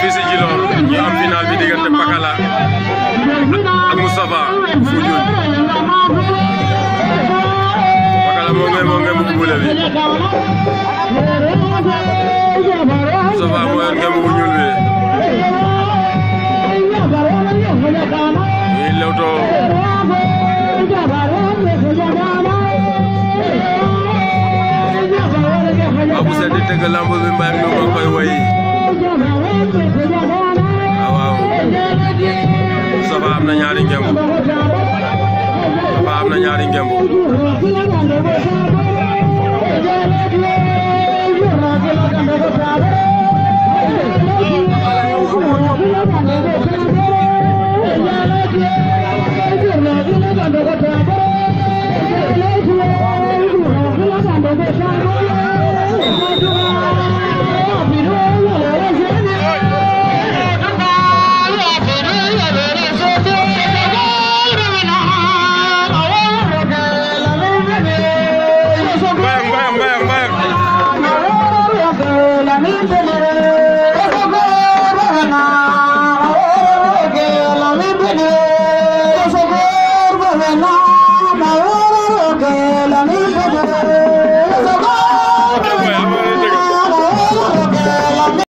fii si Djilor ñu am final bi diggante Pakala ak Moustapha Foundiougne Pakala moo ngay moo ngay mu buule bi Moustapha moo yor ngay mu ñuul bi ñuy lewtoo waa bu sedd di tëgg lamb bi mbay ak ñu ko am na ñaari ngemb Tapha am na ñaari ngemb a you.